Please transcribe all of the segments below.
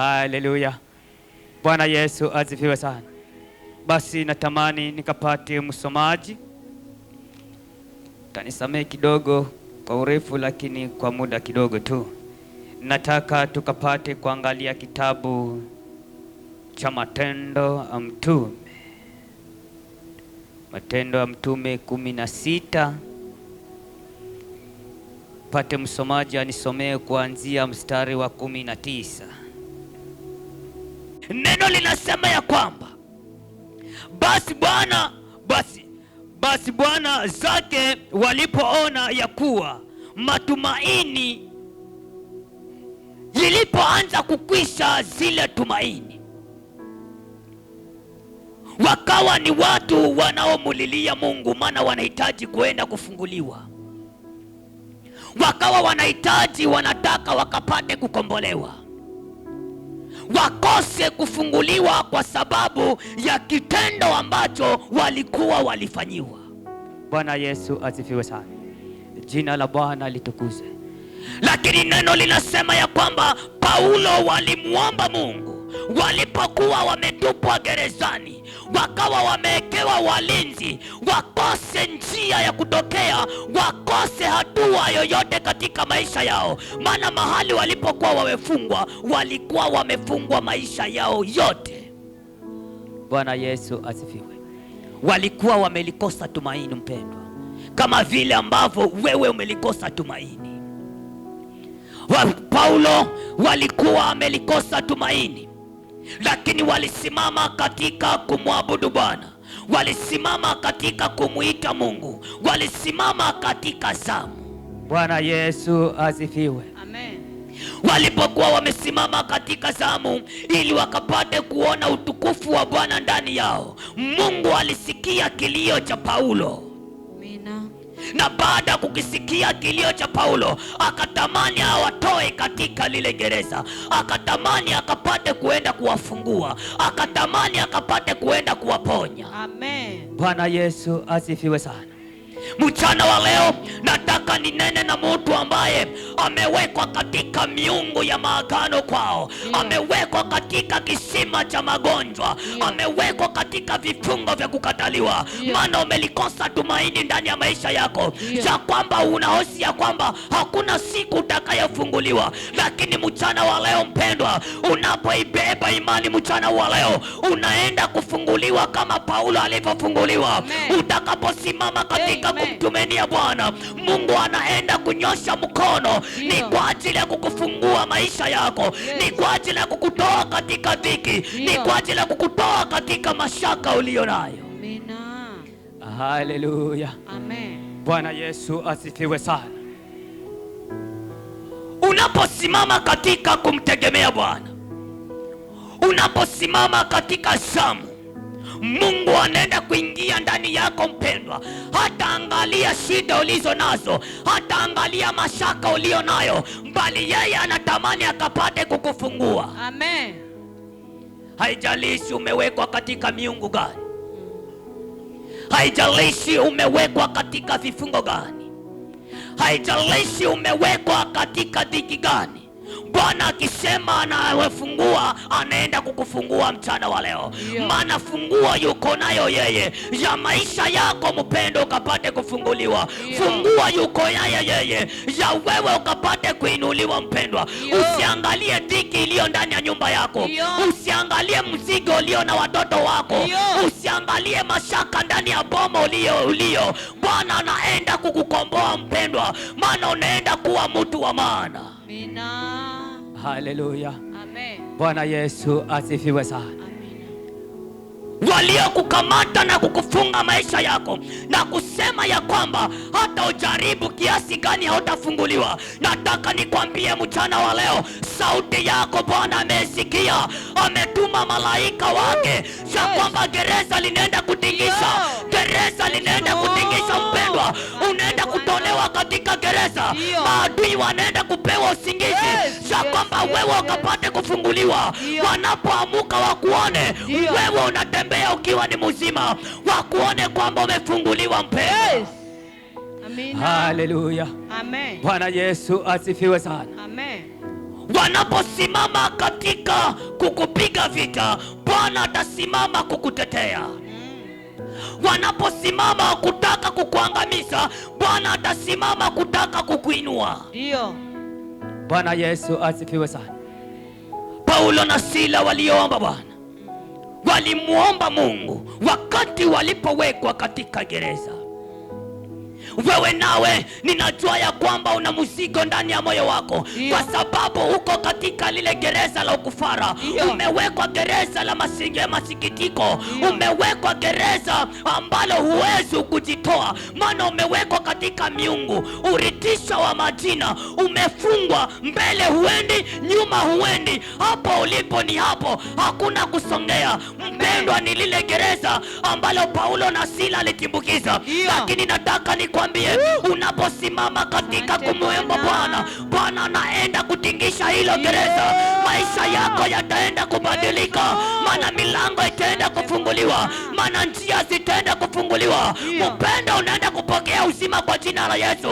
Haleluya, Bwana Yesu azifiwe sana. Basi natamani nikapate msomaji, tanisamehe kidogo kwa urefu, lakini kwa muda kidogo tu. Nataka tukapate kuangalia kitabu cha Matendo ya Mtume, Matendo ya Mtume kumi na sita. Pate msomaji anisomee kuanzia mstari wa kumi na tisa. Neno linasema ya kwamba basi Bwana basi basi bwana zake walipoona ya kuwa matumaini yilipoanza kukwisha zile tumaini, wakawa ni watu wanaomulilia Mungu, maana wanahitaji kuenda kufunguliwa, wakawa wanahitaji, wanataka wakapate kukombolewa wakose kufunguliwa kwa sababu ya kitendo ambacho walikuwa walifanyiwa. Bwana Yesu asifiwe sana, jina la Bwana litukuzwe. Lakini neno linasema ya kwamba Paulo walimwomba Mungu walipokuwa wametupwa gerezani, wakawa wamewekewa walinzi, wakose njia ya kutokea, wakose hatua yoyote katika maisha yao. Maana mahali walipokuwa wamefungwa, walikuwa wamefungwa maisha yao yote. Bwana Yesu asifiwe. Walikuwa wamelikosa tumaini, mpendwa, kama vile ambavyo wewe umelikosa tumaini. Paulo walikuwa wamelikosa tumaini lakini walisimama katika kumwabudu Bwana, walisimama katika kumwita Mungu, walisimama katika zamu. Bwana Yesu asifiwe, amen. Walipokuwa wamesimama katika zamu ili wakapate kuona utukufu wa Bwana ndani yao, Mungu alisikia kilio cha Paulo na baada ya kukisikia kilio cha Paulo akatamani awatoe katika lile gereza, akatamani akapate kuenda kuwafungua, akatamani akapate kuenda kuwaponya. Amen. Bwana Yesu asifiwe sana. Mchana wa leo nataka ninene na mtu ambaye amewekwa katika miungu ya maagano kwao, mm. amewekwa katika kisima cha magonjwa, mm. amewekwa katika vifungo vya kukataliwa, maana umelikosa tumaini ndani ya maisha yako, cha kwamba unahosi ya kwamba hakuna siku utakayofunguliwa. Lakini mchana wa leo mpendwa, unapoibeba imani, mchana wa leo unaenda kufunguliwa kama Paulo alivyofunguliwa, utakaposimama katika kumtumenia Bwana, Mungu anaenda kunyosha mkono Ni kwa ajili ya kukufungua maisha yako yes. Ni kwa ajili ya kukutoa katika dhiki, ni kwa ajili ya kukutoa katika mashaka uliyo nayo. Haleluya, amen. Bwana Yesu asifiwe sana. Unaposimama katika kumtegemea Bwana, unaposimama katika shamu, Mungu anaenda kuingia ndani yako mpendwa. Hata angalia shida ulizo nazo, hata angalia mashaka ulio nayo, bali yeye anatamani akapate kukufungua. Amen. Haijalishi umewekwa katika miungu gani, haijalishi umewekwa katika vifungo gani, haijalishi umewekwa katika dhiki gani bwana akisema anawefungua anaenda kukufungua mchana wa leo? Maana fungua yuko nayo yeye ya maisha yako mpendo, ukapate kufunguliwa. fungua yuko nayo yeye ya wewe ukapate kuinuliwa mpendwa. Usiangalie dhiki iliyo ndani ya nyumba yako, usiangalie mzigo ulio na watoto wako, usiangalie mashaka ndani ya boma ulio ulio. Bwana anaenda kukukomboa mpendwa, maana unaenda kuwa mtu wa maana. Amina. Haleluya, amen. Bwana Yesu asifiwe sana. Waliokukamata na kukufunga maisha yako na kusema ya kwamba hata ujaribu kiasi gani hautafunguliwa, nataka nikwambie mchana wa leo sauti yako Bwana amesikia, ametuma malaika wake ya kwamba gereza linaenda kutingisha, gereza linaenda kutingisha. Mpendwa, unaenda kutolewa katika gereza, maadui wanaenda kupewa usingizi ya kwamba wewe ukapate kufunguliwa. Wanapoamuka wakuone wewe unatembea ukiwa ni mzima, wakuone kwamba umefunguliwa. Mpendwa. Haleluya. Amen. Bwana Yesu asifiwe sana. Amen wanaposimama katika kukupiga vita, Bwana atasimama kukutetea. Wanaposimama kutaka kukuangamiza, Bwana atasimama kutaka kukuinua. Ndio. Bwana Yesu asifiwe sana. Paulo na Sila waliomba Bwana, walimwomba Mungu wakati walipowekwa katika gereza wewe nawe ninajua ya kwamba una mzigo ndani ya moyo wako yeah. Kwa sababu uko katika lile gereza la ukufara yeah. Umewekwa gereza la masikitiko yeah. Umewekwa gereza ambalo huwezi kujitoa, maana umewekwa katika miungu uritisha wa majina, umefungwa mbele, huendi nyuma, huendi hapo ulipo ni hapo, hakuna kusongea. Mpendwa, ni lile gereza ambalo Paulo na Sila alitimbukiza yeah. Lakini nataka ni nikwambie, unaposimama katika kumwomba Bwana, Bwana anaenda kutingisha hilo gereza. Maisha yako yataenda kubadilika, maana milango itaenda kufunguliwa, maana njia zitaenda kufunguliwa. upendo unaenda kupokea uzima kwa jina la Yesu,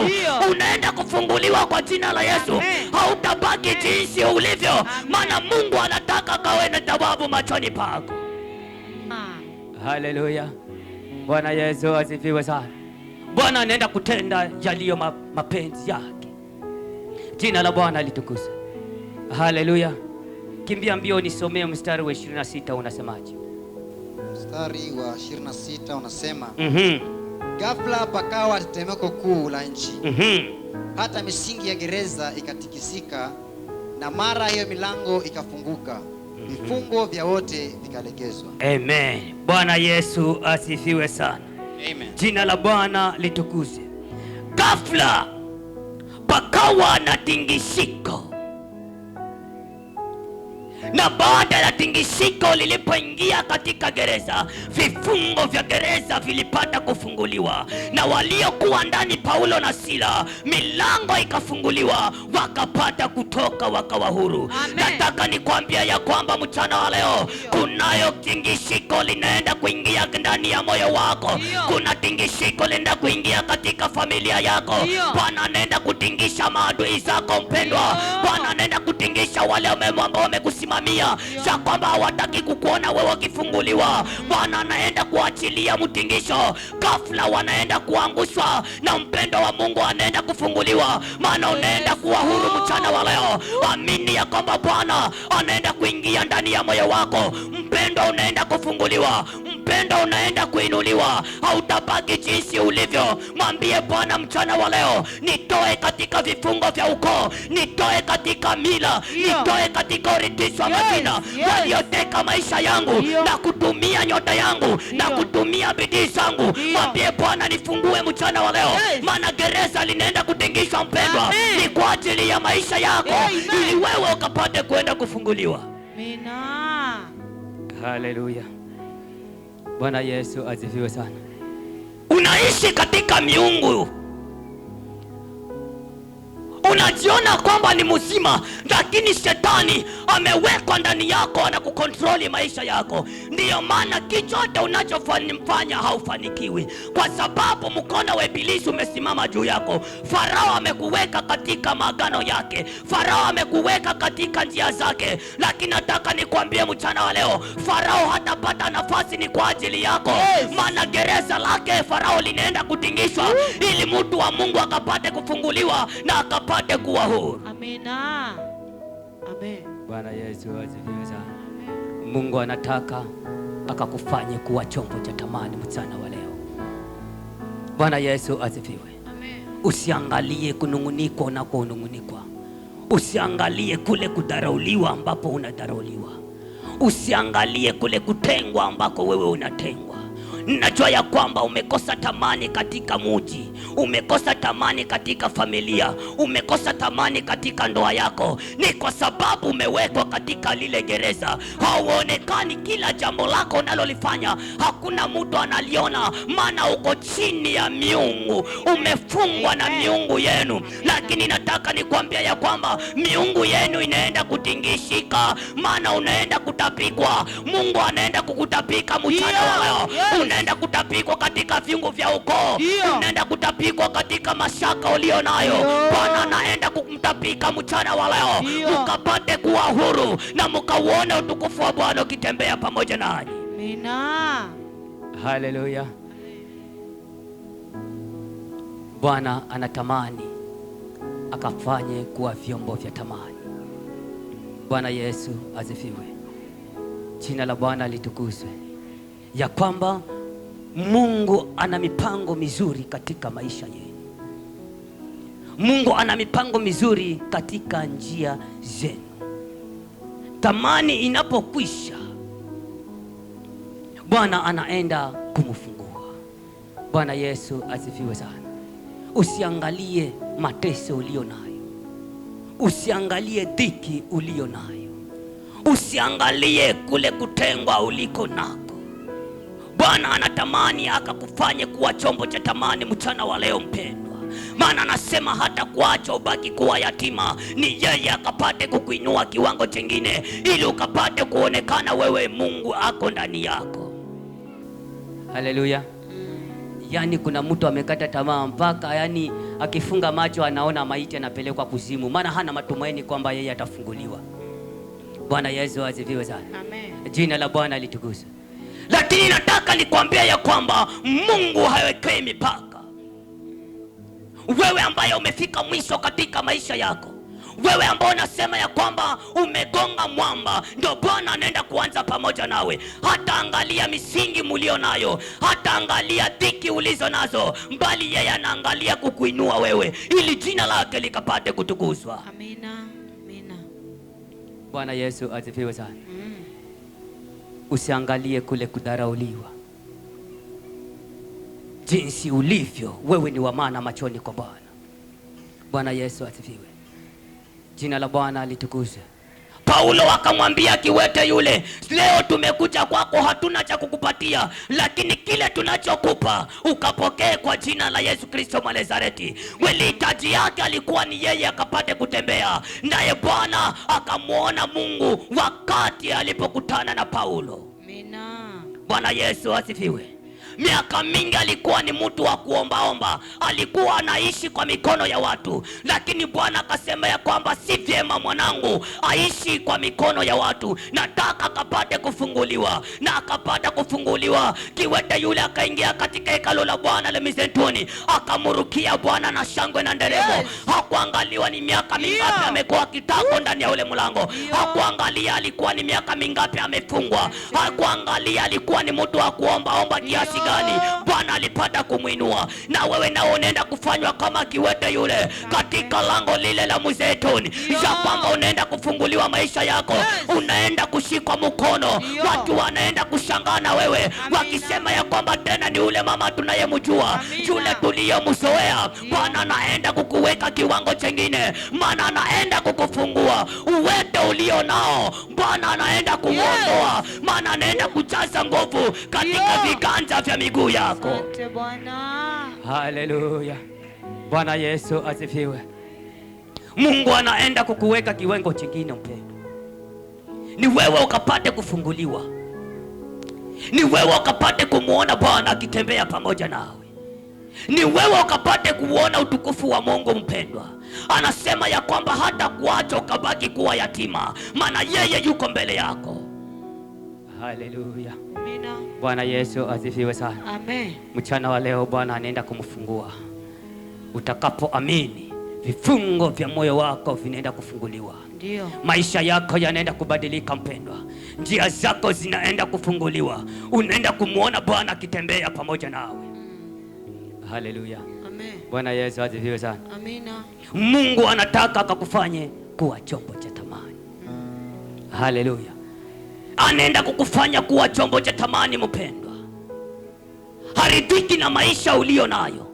unaenda kufunguliwa kwa jina la Yesu. Hautabaki jinsi ulivyo, maana Mungu anataka kawe na thawabu machoni pako. Ah. Haleluya! Bwana Yesu asifiwe sana. Bwana anaenda kutenda yaliyo mapenzi yake. Jina la Bwana litukuzwe. Haleluya. Kimbia mbio nisomee mstari wa 26 unasemaje? Mstari wa 26 unasema, mm -hmm. Ghafla pakawa tetemeko kuu la nchi. mm -hmm. Hata misingi ya gereza ikatikisika na mara hiyo milango ikafunguka mhm. vifungo mm -hmm. vya wote vikalegezwa. Amen. Bwana Yesu asifiwe sana. Amen. Jina la Bwana litukuze Ghafla pakawa na tingishiko na baada ya tingishiko lilipoingia katika gereza, vifungo vya gereza vilipata kufunguliwa, na waliokuwa ndani, Paulo na Sila, milango ikafunguliwa, wakapata kutoka, wakawa huru. Nataka nikwambia ya kwamba mchana wa leo kunayo tingishiko linaenda kuingia ndani ya moyo wako Iyo. Kuna tingishiko linaenda kuingia katika familia yako. Bwana anaenda kutingisha maadui zako mpendwa. Bwana anaenda kutingisha wale ambao wamekusimama kusimamia za kwamba hawataki kukuona wewe ukifunguliwa. Bwana anaenda kuachilia mtingisho, ghafla wanaenda kuangushwa na mpendo wa Mungu anaenda kufunguliwa, maana unaenda kuwa huru oh. mchana wa leo. Amini ya kwamba Bwana anaenda kuingia ndani ya moyo wako. Mpendo unaenda kufunguliwa, mpendo unaenda kuinuliwa, hautabaki jinsi ulivyo. Mwambie Bwana mchana wa leo, nitoe katika vifungo vya ukoo, nitoe katika mila, nitoe katika uritishwa majina yes, walioteka maisha yangu na kutumia nyota yangu na kutumia bidii zangu. Mwambie Bwana nifungue mchana wa leo yes. maana gereza linaenda kutingishwa mpendwa, ni kwa ajili ya maisha yako Amen. ili wewe ukapate kuenda kufunguliwa. Amina. Haleluya. Bwana Yesu azifiwe sana. Unaishi katika miungu unajiona kwamba ni mzima, lakini shetani amewekwa ndani yako, kukontroli maisha yako. Ndiyo maana kichote unachofanya haufanikiwi, kwa sababu mkono wa Ibilisi umesimama juu yako. Farao amekuweka katika maagano yake, Farao amekuweka katika njia zake, lakini nataka nikwambie mchana wa leo, Farao hatapata nafasi, ni kwa ajili yako yes. Maana gereza lake Farao linaenda kutingishwa, ili mtu wa Mungu akapate kufunguliwa na akapate upate kuwa huru. Amina. Amen. Bwana Yesu asifiwe sana. Mungu anataka akakufanye kuwa chombo cha tamani mchana wa leo. Bwana Yesu asifiwe. Amen. Usiangalie kunungunikwa unakonungunikwa. Usiangalie kule kudharauliwa ambapo unadharauliwa. Usiangalie kule kutengwa ambako wewe unatengwa. Najua ya kwamba umekosa tamani katika muji, umekosa tamani katika familia, umekosa tamani katika ndoa yako. Ni kwa sababu umewekwa katika lile gereza, hauonekani. Kila jambo lako unalolifanya hakuna mtu analiona, maana uko chini ya miungu, umefungwa na miungu yenu. Lakini nataka kuambia ya kwamba miungu yenu inaenda kutingishika, maana unaenda kutapikwa. Mungu anaenda kukutapika mchana wao unaenda kutapikwa katika viungo vya ukoo, unaenda kutapikwa katika mashaka ulio nayo. Bwana anaenda kumtapika mchana wa leo, mukapate kuwa huru na mukauone utukufu wa Bwana ukitembea pamoja nanyi. Amina, haleluya. Bwana anatamani akafanye kuwa vyombo vya tamani. Bwana Yesu azifiwe, jina la Bwana litukuzwe, ya kwamba Mungu ana mipango mizuri katika maisha yenu. Mungu ana mipango mizuri katika njia zenu. Tamani inapokwisha, Bwana anaenda kumfungua. Bwana Yesu asifiwe sana. Usiangalie mateso ulio nayo, usiangalie dhiki ulio nayo, usiangalie kule kutengwa uliko nako Bwana anatamani akakufanye kuwa chombo cha tamani mchana wa leo mpendwa, maana anasema hata kuacha ubaki kuwa yatima, ni yeye akapate kukuinua kiwango chengine, ili ukapate kuonekana wewe Mungu ako ndani yako. Haleluya! Yani kuna mtu amekata tamaa mpaka yani akifunga macho anaona maiti anapelekwa kuzimu, maana hana matumaini kwamba yeye atafunguliwa. Bwana Yesu aziviwe sana. Amen. Jina la Bwana litukuzwe lakini nataka nikwambia ya kwamba Mungu hawekei mipaka. Wewe ambaye umefika mwisho katika maisha yako, wewe ambaye unasema ya kwamba umegonga mwamba, ndio Bwana anaenda kuanza pamoja nawe. Hata angalia misingi mulio nayo, hata angalia dhiki ulizo nazo, mbali yeye anaangalia kukuinua wewe, ili jina lake likapate kutukuzwa. Amina, amina. Bwana Yesu asifiwe sana. Mm usiangalie kule kudharauliwa, jinsi ulivyo wewe ni wa maana machoni kwa Bwana. Bwana Yesu asifiwe, jina la Bwana litukuzwe. Paulo akamwambia kiwete yule, leo tumekuja kwako, hatuna cha kukupatia, lakini kile tunachokupa ukapokee kwa jina la Yesu Kristo Mwanazareti. nazareti hitaji yake alikuwa ni yeye akapate kutembea naye. Bwana akamwona Mungu wakati alipokutana na Paulo. Amina. Bwana Yesu asifiwe miaka mingi alikuwa ni mtu wa kuombaomba, alikuwa anaishi kwa mikono ya watu, lakini Bwana akasema ya kwamba si vyema mwanangu aishi kwa mikono ya watu, nataka akapate kufunguliwa. Na akapata kufunguliwa, kiwete yule akaingia katika hekalo la Bwana la mizentuni, akamurukia Bwana na shangwe na nderemo. Yes. Hakuangaliwa ni miaka mingapi amekuwa kitako ndani ya ule mlango, hakuangalia alikuwa ni miaka mingapi amefungwa, hakuangalia alikuwa ni mtu wa kuombaomba kiasi gani Bwana alipata kumwinua, na wewe nao unaenda kufanywa kama kiwete yule katika lango lile la Mzeituni, ya kwamba unaenda kufunguliwa maisha yako Unaenda kushikwa mkono Watu wanaenda kushangaa na wewe Wakisema ya kwamba tena ni ule mama tunayemjua yule tuliyemzoea. Bwana anaenda kukuweka kiwango chengine, maana anaenda kukufungua uwete ulio nao. Bwana anaenda kuondoa, Maana anaenda kujaza nguvu katika viganja vya miguu yako. Haleluya! Bwana Yesu asifiwe. Mungu anaenda kukuweka kiwango chingine mpendo, ni wewe ukapate kufunguliwa, ni wewe ukapate kumwona Bwana akitembea pamoja nawe, ni wewe ukapate kuona utukufu wa Mungu mpendwa. Anasema ya kwamba hata kuacha ukabaki kuwa yatima, maana yeye yuko mbele yako. Haleluya, amina. Bwana Yesu azifiwe sana. Amen. Mchana wa leo Bwana anaenda kumfungua. Utakapoamini vifungo vya moyo wako vinaenda kufunguliwa. Ndio. Maisha yako yanaenda kubadilika mpendwa, njia zako zinaenda kufunguliwa, unaenda kumwona Bwana akitembea pamoja nawe. Mm. Haleluya. Amen. Bwana Yesu azifiwe sana. Amina. Mungu anataka akakufanye kuwa chombo cha thamani. Mm. Haleluya anaenda kukufanya kuwa chombo cha tamani. Mpendwa, haridhiki na maisha uliyo nayo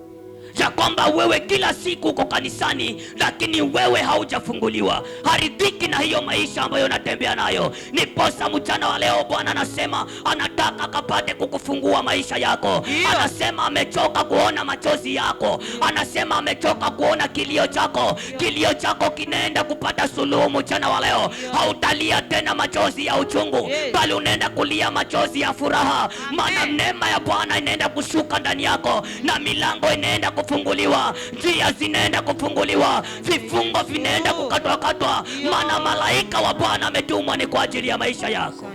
ya kwamba wewe kila siku uko kanisani, lakini wewe haujafunguliwa, haridhiki na hiyo maisha ambayo unatembea nayo. Niposa mchana wa leo Bwana anasema anataka akapate kukufungua maisha yako. Anasema amechoka kuona machozi yako, anasema amechoka kuona kilio chako. Kilio chako kinaenda kupata suluhu mchana wa leo. Hautalia tena machozi ya uchungu, bali unaenda kulia machozi ya furaha, maana neema ya Bwana inaenda kushuka ndani yako na milango inaenda kufunguliwa, njia zinaenda kufunguliwa, vifungo vinaenda kukatwakatwa, maana malaika wa Bwana ametumwa ni kwa ajili ya maisha yako.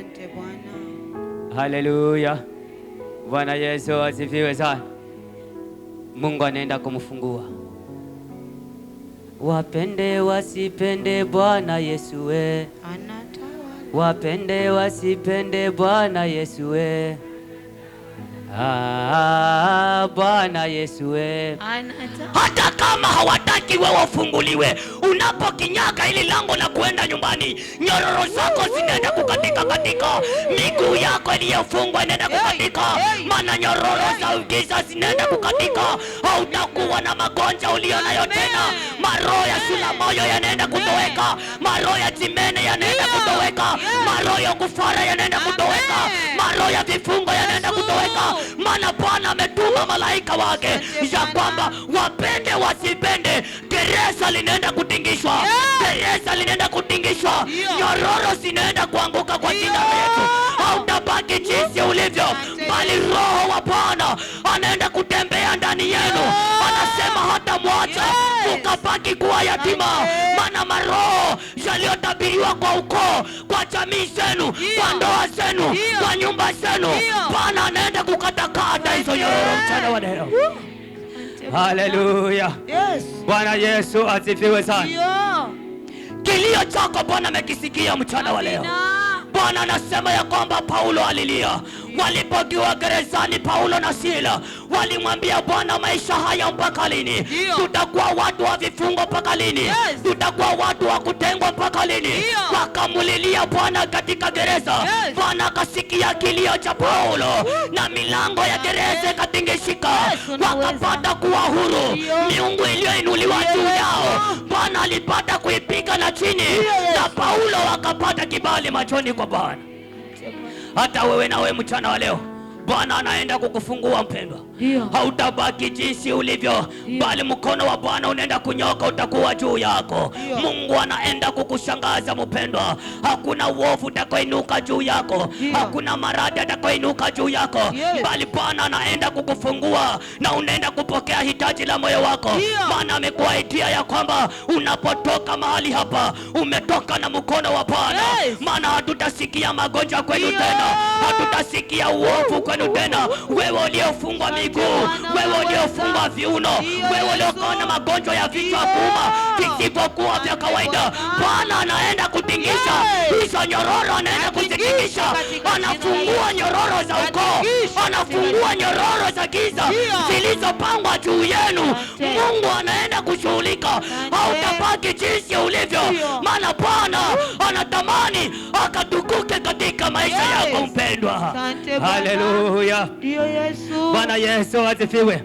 Haleluya, Bwana Yesu asifiwe sana. Mungu anaenda kumfungua. Wapende wasipende, Bwana Yesu we, wapende wasipende, Bwana Yesu we Ah, Bwana Yesu we. Hata kama hawataki wewe ufunguliwe, unapokinyaga ili lango la kuenda nyumbani, nyororo zako zinaenda kukatika katika, miguu yako iliyofungwa inaenda kukatika, maana nyororo za ugiza zinaenda kukatika. Hautakuwa na magonjwa ulio nayo tena. Maroho ya moyo yanaenda kutoweka, maroho ya Timene yanaenda kutoweka, maroho ya kufara yanaenda kutoweka, maroho ya vifungo yanaenda kutoweka maana Bwana ametuma malaika wake ya kwamba wapende wasipende, gereza linaenda kutingishwa, gereza linaenda kutingishwa, nyororo zinaenda kuanguka kwa jina letu. Hautabaki jinsi ulivyo, bali Roho wa Bwana anaenda kutembea ndani yenu, anasema hata mwacha ukabaki kuwa yatima, maana maroho yaliyotabiriwa kwa ukoo, kwa jamii zenu, kwa ndoa zenu, kwa nyumba zenu, Bwana anaenda kuka hata hizo nyororo mchana wa leo. Haleluya, Bwana Yesu asifiwe sana. Kilio chako Bwana amekisikia mchana wa leo. Bwana anasema ya kwamba Paulo alilia walipokiwa gerezani, Paulo na Sila walimwambia Bwana, maisha haya mpaka lini? Tutakuwa watu wa vifungo mpaka lini? Yes. Tutakuwa watu wa kutengwa mpaka lini? Wakamulilia Bwana katika gereza. Yes. Bwana akasikia kilio cha Paulo na milango ya gereza ikatingishika. Yes, wakapata kuwa huru. Miungu iliyoinuliwa juu yao Bwana alipata kuipiga na chini. Yes. Na Paulo akapata kibali machoni kwa Bwana hata wewe na wewe mchana wa leo Bwana anaenda kukufungua mpendwa hautabaki jinsi ulivyo, bali mkono wa Bwana unaenda kunyoka, utakuwa juu yako. Mungu anaenda kukushangaza mpendwa. Hakuna uovu utakaoinuka juu yako, hakuna maradhi atakaoinuka juu yako, bali Bwana anaenda kukufungua na unaenda kupokea hitaji la moyo wako, maana amekuahidia ya kwamba unapotoka mahali hapa umetoka na mkono wa Bwana, maana hatutasikia magonjwa kwenu tena, hatutasikia uovu kwenu tena, wewe uliofungwa siku. wewe uliofungwa viuno, wewe uliokona na magonjwa ya vichwa kuuma visivyokuwa vya kawaida, Bwana anaenda kutingisha hizo nyororo, anaenda kuzitingisha, anafungua nyororo za ukoo, anafungua nyororo za giza zilizopangwa juu yenu. Mungu anaenda kushughulika utabaki jinsi ulivyo, maana Bwana anatamani akatukuke katika maisha yako mpendwa. Haleluya! Bwana Yesu asifiwe,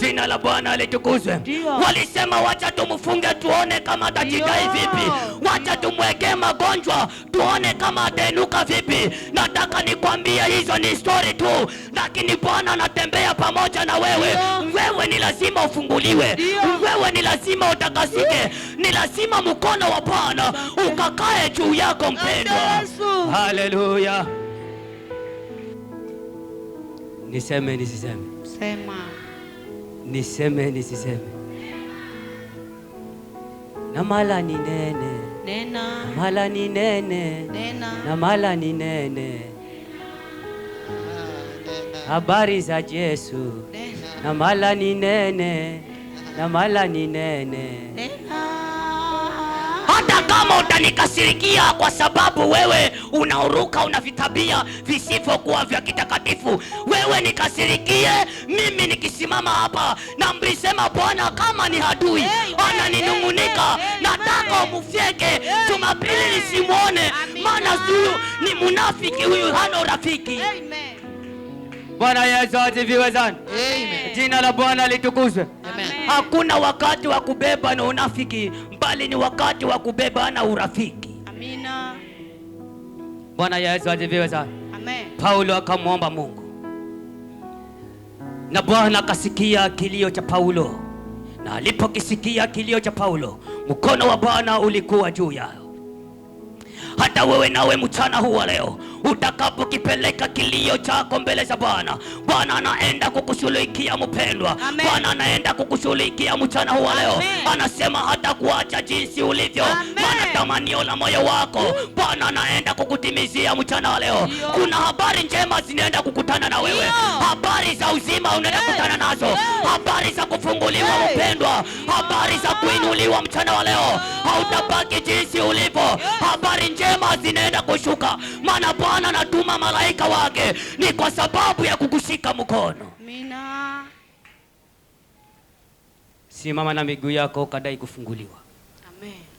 jina la Bwana litukuzwe. Walisema wacha tumfunge tuone kama atajigai vipi, wacha tumwekee magonjwa tuone kama atainuka vipi. Nataka nikwambia hizo ni stori tu, lakini Bwana anatembea pamoja na wewe. Wewe ni lazima ufunguliwe, wewe lazima utakasike, ni lazima mkono wa Bwana ukakae juu yako mpendwa. Haleluya! Niseme nisiseme? Sema. Niseme nisiseme? Na mala ni nene. Nena. Na mala ni nene. Nena. Na mala ni nene. Ah, Habari za Yesu. Nena. Na mala ni nene na mala ni nene hata kama utanikasirikia kwa sababu wewe unauruka una vitabia visivyokuwa vya kitakatifu, wewe nikasirikie mimi. Nikisimama hapa na mlisema Bwana kama ni hadui ananinung'unika nataka umufyeke hey, Jumapili nisimwone, maana huyu ni munafiki, huyu hana urafiki. Bwana Yesu asifiwe sana. Jina la Bwana litukuzwe. Hakuna wakati wa kubeba na unafiki, bali ni wakati wa kubeba na urafiki. Amina. Bwana Yesu asifiwe sana. Amen. Paulo akamwomba Mungu na Bwana akasikia kilio cha Paulo, na alipokisikia kilio cha Paulo, mkono wa Bwana ulikuwa juu yao hata wewe nawe mchana huu wa leo utakapokipeleka kilio chako mbele za Bwana, Bwana anaenda kukushughulikia mpendwa. Bwana anaenda kukushughulikia mchana huu wa leo, anasema hata kuacha jinsi ulivyo, maana tamanio la moyo wako Bwana anaenda kukutimizia mchana wa leo. Kuna habari njema zinaenda kukutana na wewe, habari za uzima unaenda kukutana nazo, habari za kufunguliwa mpendwa, habari za kuinuliwa mchana wa leo. Hautabaki jinsi ulivyo, habari njema njema zinaenda kushuka, maana Bwana anatuma malaika wake ni kwa sababu ya kukushika mkono. Amina. Simama na miguu yako kadai kufunguliwa. Amen.